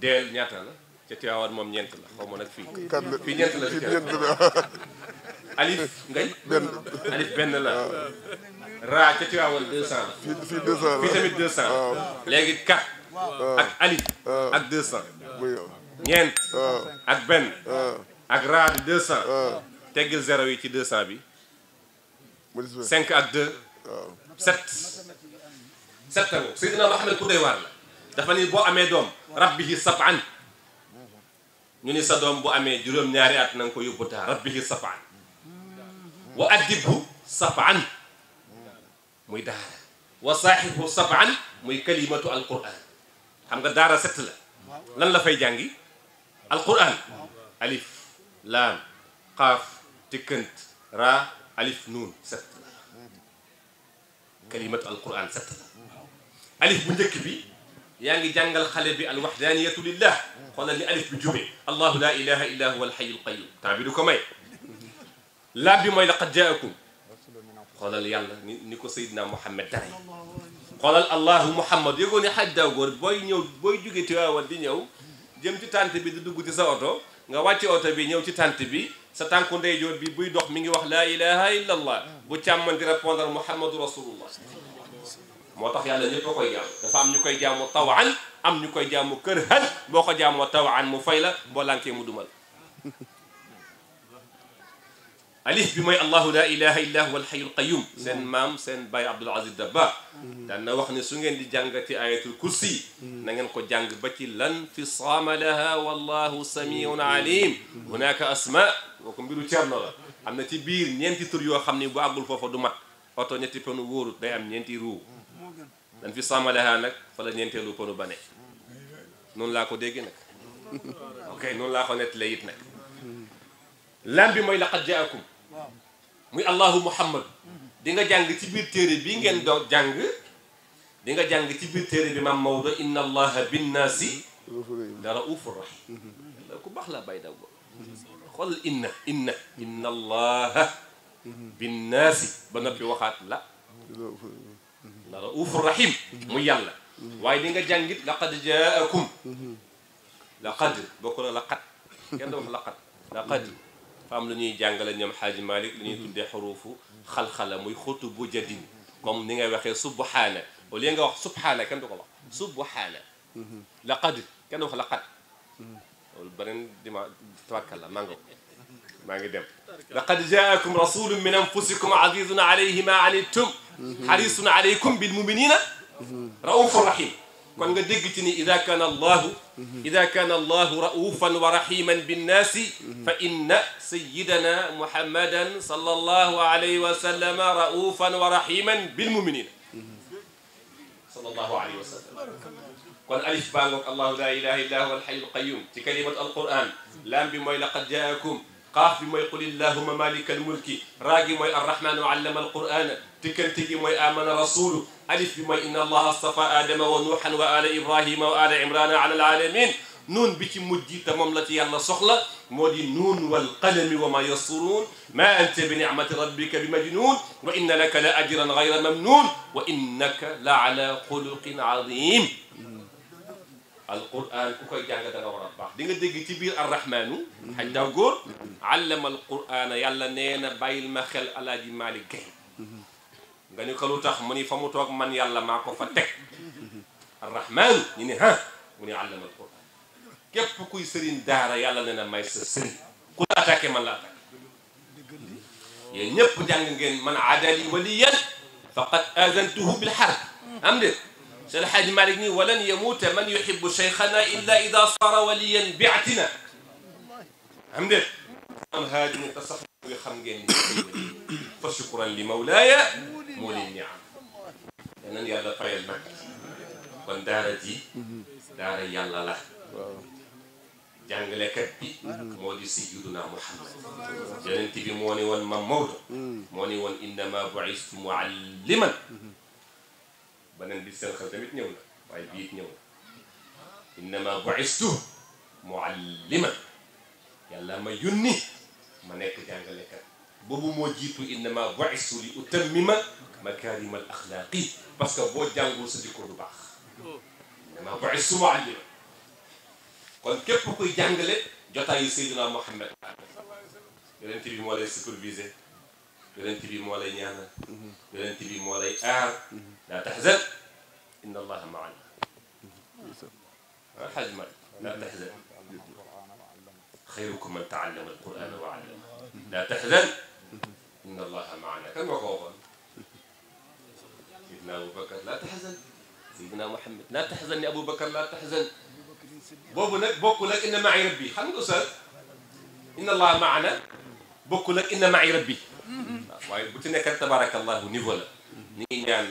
deel ñaata la ca Tivaouane moom ñeent la xaw ma nag fii fii ñeent la alif ngay benn alif benn la raa ca Tivaouane deux cent la fii deux cent fii tamit deux kat ak alif ak deux cent ñeent ak benn ak raa di deux cent teggil zéro yi ci deux cent bi cinq ak deux sept sept tango Seydina Muhammad ku doy waar la dafa ni boo amee doom rabbihi sab'an ñu ni sa doom bu amee juróom-ñaari at na nga ko yóbbu taa rabbihi sab'an wa addibhu sab'an muy daara wa saaxibhu sab'an muy kalimatu alquran xam nga daara sett la lan la fay jàngi alquran alif laam qaaf tikkant raa alif nuun sett la kalimatu alquran sett la alif bu njëkk bi yaa ngi jàngal xale bi alwahdaniyatu lillah xoolal ni alif bi jube allahu la ilaha illa huwa alxayu alqayum temps bi du ko may laab bi mooy laqad jaakum xoolal yàlla ni ni ko sayidna muhammad dara xoolal allahu muhammad yëgoo ne xaj daaw góor booy ñëw booy jóge Tiwaawan di ñëw jëm ci tànt bi di dugg ci sa oto nga wàcce oto bi ñëw ci tànt bi sa tànku ndeyjoor bi buy dox mi ngi wax laa ilaha illa allah bu càmman di répondre muhammadu rasulullah moo tax yàlla ñëpp a koy jaam dafa am ñu koy jaamu tawan am ñu koy jaamu kër han boo ko jaamoo tawan mu fay la boo lànkee mu dumal alif bi mooy allahu la ilaha illa huwa alxayu alqayum seen maam seen baay abdul aziz dabba daan na wax ne su ngeen di jàngati ayatul kursi na ngeen ko jàng ba ci lan fisaama laha wallahu samiun alim hunaka asma boo ko mbiru ceerno la am na ci biir ñeenti tur yoo xam ne bu àggul foofa du mat oto ñetti penu wóorut day am ñeenti ruu dañ fi sàmmalehaa nag fa la ñeenteelu ponu ba ne noonu laa ko déggee nag ok noonu laa ko nettalee it nag lam bi mooy laqad jaakum muy allahu muhammad di nga jàng ci biir téere bi ngeen do jàng di nga jàng ci biir téere bi maam Maodo inna allaha la raufur rahim la ku baax laa bay daw bo xool inna inna inna allaha ba noppi waxaat la la raufur rahim muy yàlla waaye di nga jàngit laqad jaakum laqad bokk la laqad kenn du wax laqad laqad fa am lu ñuy jàngale ñoom xaaji malik lu ñuy tuddee xuruufu xalxala muy xutu bu jadin comme ni ngay waxee subhaana au lieu nga wax subhaana kenn du ko wax subhaana laqad kenn du wax laqad loolu beneen dima tawakkal la maa ngi dem laqad jaakum rasulun min anfusikum azizun alayhi ma anittum harisun alaykum bilmuminina raufun rahim kon nga dégg ci ni ida kaana allahu ida kaana allahu raufan wa rahiman binnaasi fa inna sayidana muhammadan sallallahu alayhi wa sallama raufan wa rahiman bilmuminina sallallahu alayhi wa sallam kon alif baa ngoog allahu la ilaha illa huwa alxayu alqayum ci kalimatu alquran laam bi mooy laqad jaakum qaaf bi mooy qul illahuma malika almulki raa gi mooy arrahmanu allama alqur'ana dikkante gi mooy amana rasulu alif bi mooy inna allaha astafa aadama wa nuuhan wa ala ibrahima wa ala imrana ala alalamin nuun bi ci mujj te moom la ci yàlla soxla moo di nuun wal qalami wa ma yasturuun ma anta bi nicmati rabbika bi majnuun wa inna laka la ajran gayra mamnuun wa innaka la ala xuluqin azim alquran ku koy jàng da nga war a baax di nga dégg ci biir arrahmaanu xaj daaw góor allama alqurana yàlla nee na bàyyil ma xel alaaji Malick Gueye nga ñu ko lu tax mu ni fa mu toog man yàlla maa ko fa teg arrahmaanu ñu ne ah mu ni allama alquran képp kuy sëriñ daara yàlla nee na may sa sëriñ ku la attaqué man la attaqué yéen ñépp jàng ngeen man aadali waliyan faqad aadantuhu bil harb am de Seydi El Hadj Malick nii walan yamuuta man yuhibbu shaykhana illa ida saara waliyan biatina am déet am haaj ni te sax nga xam ngeen fa shukran li mawlaaya moo leen niam yanan yàlla fayal nag kon daara ji daara yàlla la jàngalekat bi moo di sayyiduna Muhammad yonent bi moo ni woon Mam Maodo mm. moo ni woon innama bu'istu mu'alliman beneen bi seen xel tamit ñëw na waaye bii it ñëw na innama bu'istu mualliman yàlla ma yónni ma nekk jàngalekat boobu moo jiitu innama bu'istu li utammima makarim al axlaaqi parce que boo jàngul sa jikko du baax innama bu'istu mualliman kon képp kuy jàngale jotaayu Seydina Muhammad yonent bi moo lay superviser yonent bi moo lay ñaanal yonent bi moo lay aar laa taxzan inna allaha maana alxaaj Malick laa taxzan xayrukum man taallama alqurana wa allama laa taxzan inna allaha maana kan nga ko waxoon sidna Aboubacar laa taxzan sidna Mouhamed laa taxzan ni Aboubacar laa taxzan boobu nag bokkul ak inna maay rabbi xam nga ustaz inna allaha maana bokkul ak inna maay rabbi waaye bu ci nekk tabaarakallahu niveau la ñu ngi ñaan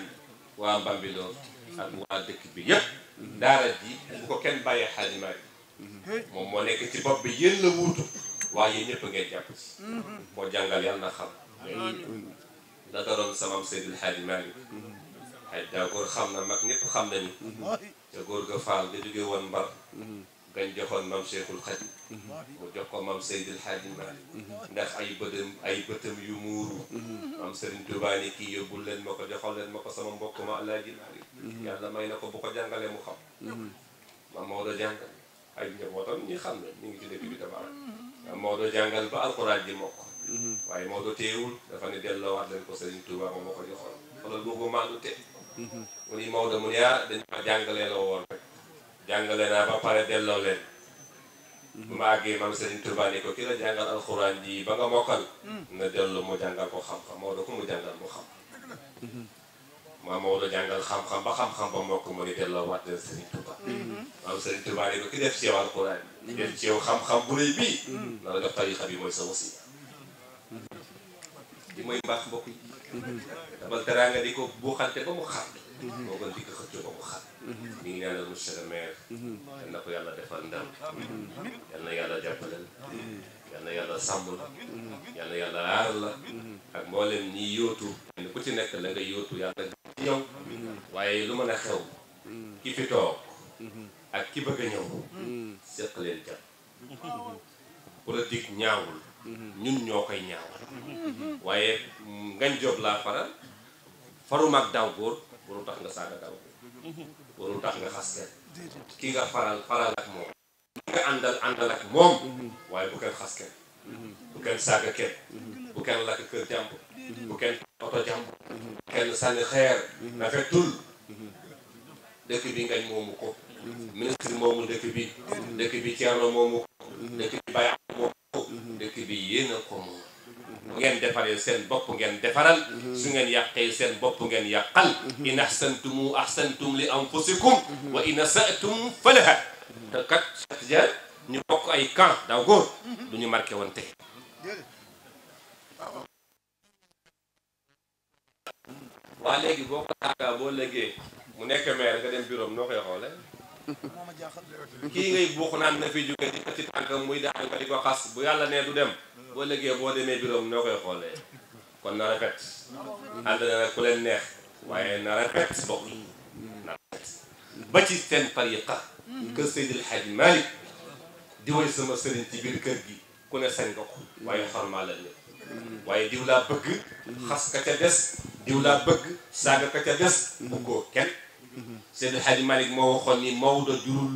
waa Bambilor ak waa dëkk bi yépp daara ji bu ko kenn bàyyee Xaaji Maalik moom moo nekk ci bopp bi yéen la wuutu waaye yéen ñëpp ngeen jàpp jàngal yàlla na xam da doon samam Seydil Xaaji Maalik xaj daa góor xam na mag ñëpp xam nañu te góor ga faal di jóge woon gañ joxoon maam Cheikhul Khadim mu jox ko maam Seydil Hadji Malick ndax ay bëtam yu muuru maam Serigne Touba ni kii yóbbul leen ma ko joxal leen ma ko sama mbokk ma Alaaji Malick yàlla may na ko bu ko jàngalee mu xam maam Maodo jàngal ay njabootam ñi xam ngi ci dëkk bi tabarak maam Maodo jàngal ba alxuraan ji mokk waaye Maodo teewul dafa ne delloowaat leen ko Serigne Touba moom ma ko joxoon xoolal boobu maandu te mu ni Maodo mu ah, dañ ma jàngalee la woon rek jàngale naa ba pare delloo leen bu ma àggee maam Serigne ki la jàngal alxuraan ji ba nga mokkal na dellu mu jàngal ko xam-xam Maodo ku mu jàngal mu xam maam Maodo jàngal xam-xam ba xam-xam ba mbokk mu ni delloo waat del Serigne Touba maam Serigne Touba ki def ci alxuraan def ci xam-xam bu rëy bii na la jox tarixa bi mooy sa wasi di mooy mbaax mbokk yi dabal teraanga di ko buuxante ba mu xam moo gën di ko xëccoo ba mu xat ñu ngi ñaanal monsieur le maire yal na ko yàlla defal ndam yal yàlla jàppaleel yal yàlla sàmm la yàlla aar la ak mboolem ñi yóotu ku ci nekk la nga yóotu yàlla ci yow waaye lu mën a xew ki fi toog ak ki bëgg a ñëw séq leen jàpp politique ñaawul ñun ñoo koy ñaawal waaye ngañ job laa faral farum ak daaw warul tax nga saaga kaw mhm. warul tax nga xas kat mhm. waaye bu kenn xas mhm. bu kenn saaga kat bu kenn lakk kër jàmbur bu kenn oto jàmbur bu kenn sànni xeer rafetul dëkk bi ngañ moomu ko ministre moomu dëkk bi dëkk bi Thierno moomu ko dëkk bi Baye moomu ko dëkk bi yéen ko moom bu ngeen defaree seen bopp ngeen defaral mhm. su ngeen yàqee seen bopp ngeen yàqal mhm. in ahsantumu ahsantum li anfusikum mhm. wa in asatum ay camp ñu marqué woon tey waa léegi boo ko taaga boo légee mu nekk maire nga dem bureau noo koy xoole kii ngay buux naan na fi jóge di ko ci muy daal nga di ko xas bu yàlla nee du dem boo léegi boo demee bureau noo koy xoolee kon na rafet ku leen neex waaye na rafet bokk na rafet ba ci seen tariqa kër Seydil Hadj di way sama sëriñ ci kër gi ku ne sañ nga ko waaye xormaa la waaye diw laa bëgg xas ka ca des diw laa saaga ka ca des bu koo kenn Seydil Hadj Malick moo waxoon ni Maodo jurul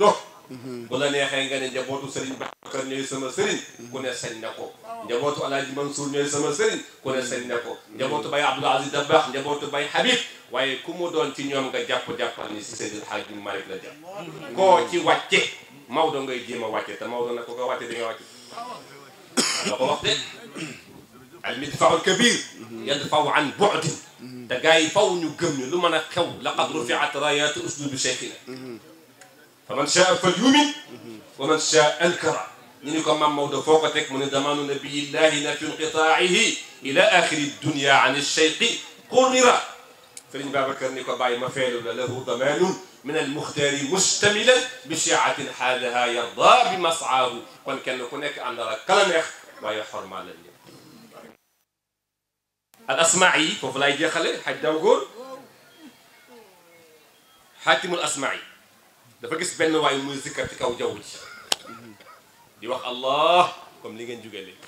lu Mm-hmm. bu la neexee nga ne njabootu Serigne Babacar ñooy sama Serigne mm-hmm. ku ne sañ na ko njabootu Alaaji Mansour ñooy sama Serigne ku ne mm-hmm. sañ na ko njabootu Baye Abdoul Aziz Dabakh njabootu Baye Habib waaye ku mu doon ci ñoom nga jàpp-jàppal ni si Seydil Hadji Malick la jàpp koo ci wàcce Maodo ngay jéem a wàcce te Maodo nag ku ko wàcce di nga wàcce la [coughs] ko wax de [coughs] almidfaul kabir yadfaw an bu'din te gars yi faw ñu gëm ñu lu mën a xew laqad rufiat rayatu uslubi cheikhina fa man shaa falyumin wa man shaa ankara ñu ni ko maam Maodo foo ko teg mu ne damaanu nabiyillahi na fi inqitaa'ihi ila axiri dunya an ash-shayqi qurira sëriñ Babacar ni ko bàyyi ma feelu la lahu damaanun min al-muxtaari mustamilan bi shii'atin haadaha yardaa bi mas'aahu kon kenn ku nekk àndal ak kala neex waaye xormaal la al asmaa yi foofu laay jeexale xaj daw góor xaatimul asmaa yi dafa gis benn waay muy zikkar ci kaw jaww ji di wax allah comme li ngeen jógee léegi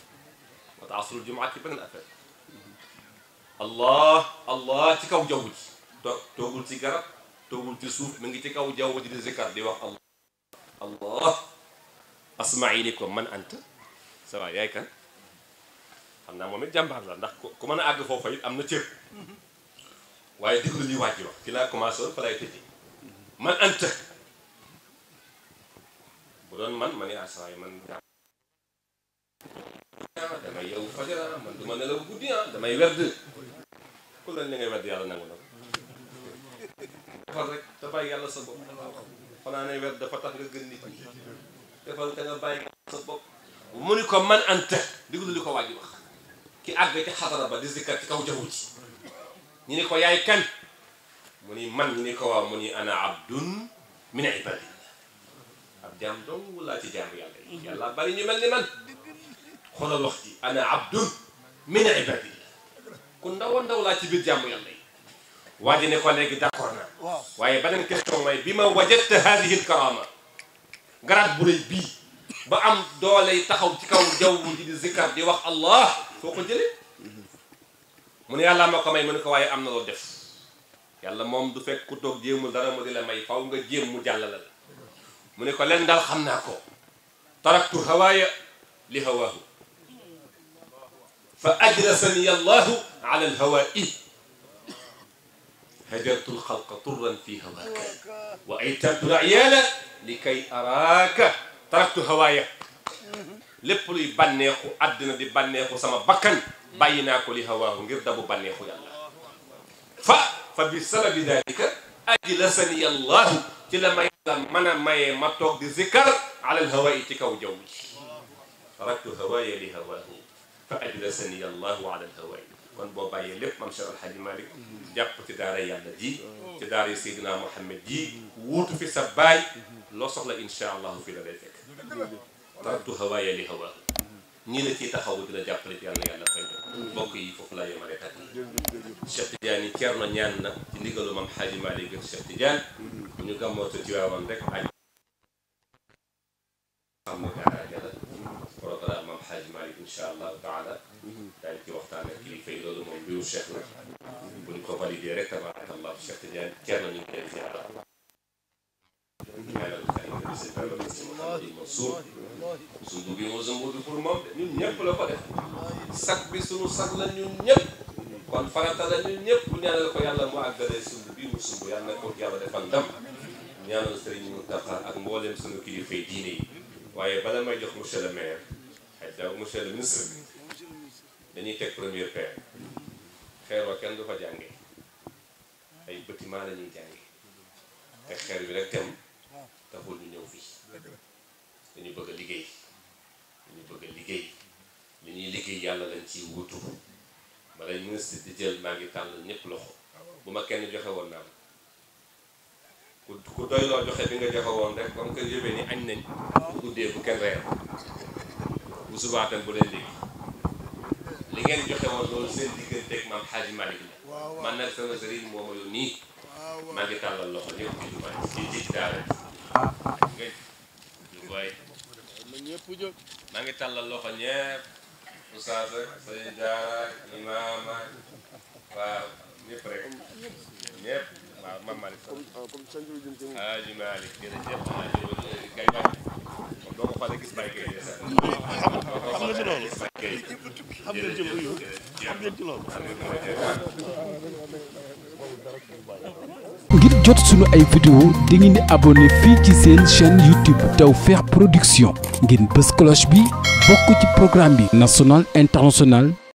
moo tax asul jumaa ci beneen affaire allah allah ci kaw jaww ji to toogul ci garab toogul ci suuf mu ngi ci kaw jaww di zikkar di wax allah allah asma'i ni ko man anta ça va yaay kan xam naa moom it jàmbaar la ndax ku mën a àgg am na mhm. waaye déglu li waaj ji wax ci laa commencé woon man anta bu doon man ma yi man damay yow fajar man duma nelaw guddi ah damay werd ku la li werd yàlla nangu na defal rek te yàlla sa bopp xanaa werd dafa tax nga gën nit ñi defal te nga bàyyi sa bopp mu ni ko man anta diglu li ko wàaji wax ki àgg ci xadara ba di zikkar ci kaw jaww ji ñu ni ko yaay kan mu ni man ñu ni ko waaw mu ni ana abdun min ibadi jaam dong laa ci jaam yàlla yi bari ñu mel ni man xoolal wax ji ana abdun min ibadillah ku ndaw a laa ci biir jaamu yàlla yi waa ji ne ko léegi d'accord naa waaye beneen question mooy bi ma wajadta hadihi alkarama garaat bu rëy bii ba am doole taxaw ci kaw jaww ji di zikkar di wax allah foo ko jëlee mu yàlla ma ko may mu ne ko waaye am na loo def yàlla moom du fekk ku toog jéemul mu di la may faw nga jéem mu jàllale la mu ne ko leen daal xam naa ko taraktu hawaaya li hawaahu fa ajlasani allahu ala alhawaa'i hajartu alxalqa turran fi hawaaka wa aytartu alciyaala likay araaka taraktu hawaaya lépp luy bànneexu àddina di bànneexu sama bakkan bàyyi naa ko li hawaahu ngir dabu bànneexu yàlla fa fa bi sababi dalika ajlasani allahu ci la ma yàlla mën a mayee ma toog di zikkar alal hawaayi ci kaw jaww ji taraktu hawaaya li hawaahu fa ajlasani allahu alal hawaayi kon boo bàyyee lépp mam Cheikh Alhaji Malick jàpp ci daara yàlla ji ci daara yi Seydina Mouhamed fi sa baay loo soxla incha allahu fi la lay fekk taraktu hawaaya li hawaahu ñi la ciy taxaw di la jàppale ci yàlla yàlla fay mm. mbokk yi foofu laa yemale tàgg Cheikh Tidiane yi Thierno ñaan na ci ndigalu Maam Xaaji Maalik ak Cheikh Tidiane mm. bu ñu gàmmootu xam ne la mm-hmm. waxtaan ak kilifa yi loolu moom mbiru Cheikh la mm-hmm. buñ ko validé rek tabarakallah Cheikh Tidiane Thierno ñu ngi leen ziara lycée Penda Mbengue sama xarit yi ma suur su duggee ma sëmbuutu ñun ñëpp ko def sag bi sunu sag la ñun ñëpp kon farata la ñun ñëpp ko yàlla mu àggalee sumb bii mu sumb yàlla ko yàlla defal ndam ñaanal Serigne Mountakha ak mboolem sunu kilifa yi diine yi waaye bala may jox monsieur le maire xëy na monsieur le ministre dañuy teg première paire xeer wa kenn du fa jànge ay bâtiment la ñuy jànge te xeer bi rek taxul ñu ñëw fii dañu bëgg a liggéey dañu bëgg a liggéey li ñuy liggéey yàlla lañ ciy wutu bala ministre di jël maa ngi tàll ñëpp loxo bu ma kenn joxe woon naa ku ku doy loo joxe bi nga joxe rek comme que yóbee ni añ nañ bu guddee bu kenn reer bu subaa tam bu leen liggéey li ngeen joxe loolu seen digganteeg maam Xaaji Malick la man nag sama sëriñ moo ma yónni tàllal loxo ñëpp ci jumaa ci ci daara ngëj ñu booy maa ngi tàllal loxo ñepp oustaz ak sëñ jaara imaam ak waaw ñëpp rek ñëpp waaw mam Malick Aji Malick jërëjëf kay wax kon doo ko xoolee gis bàyyi kay xam nga ci loolu xam nga ci loolu xam nga ci loolu ngir jot sunu ay vidéo di ngeen di abonné fii ci seen chaîne YouTube feex Production ngeen bës cloche bi bokk ci programme bi national international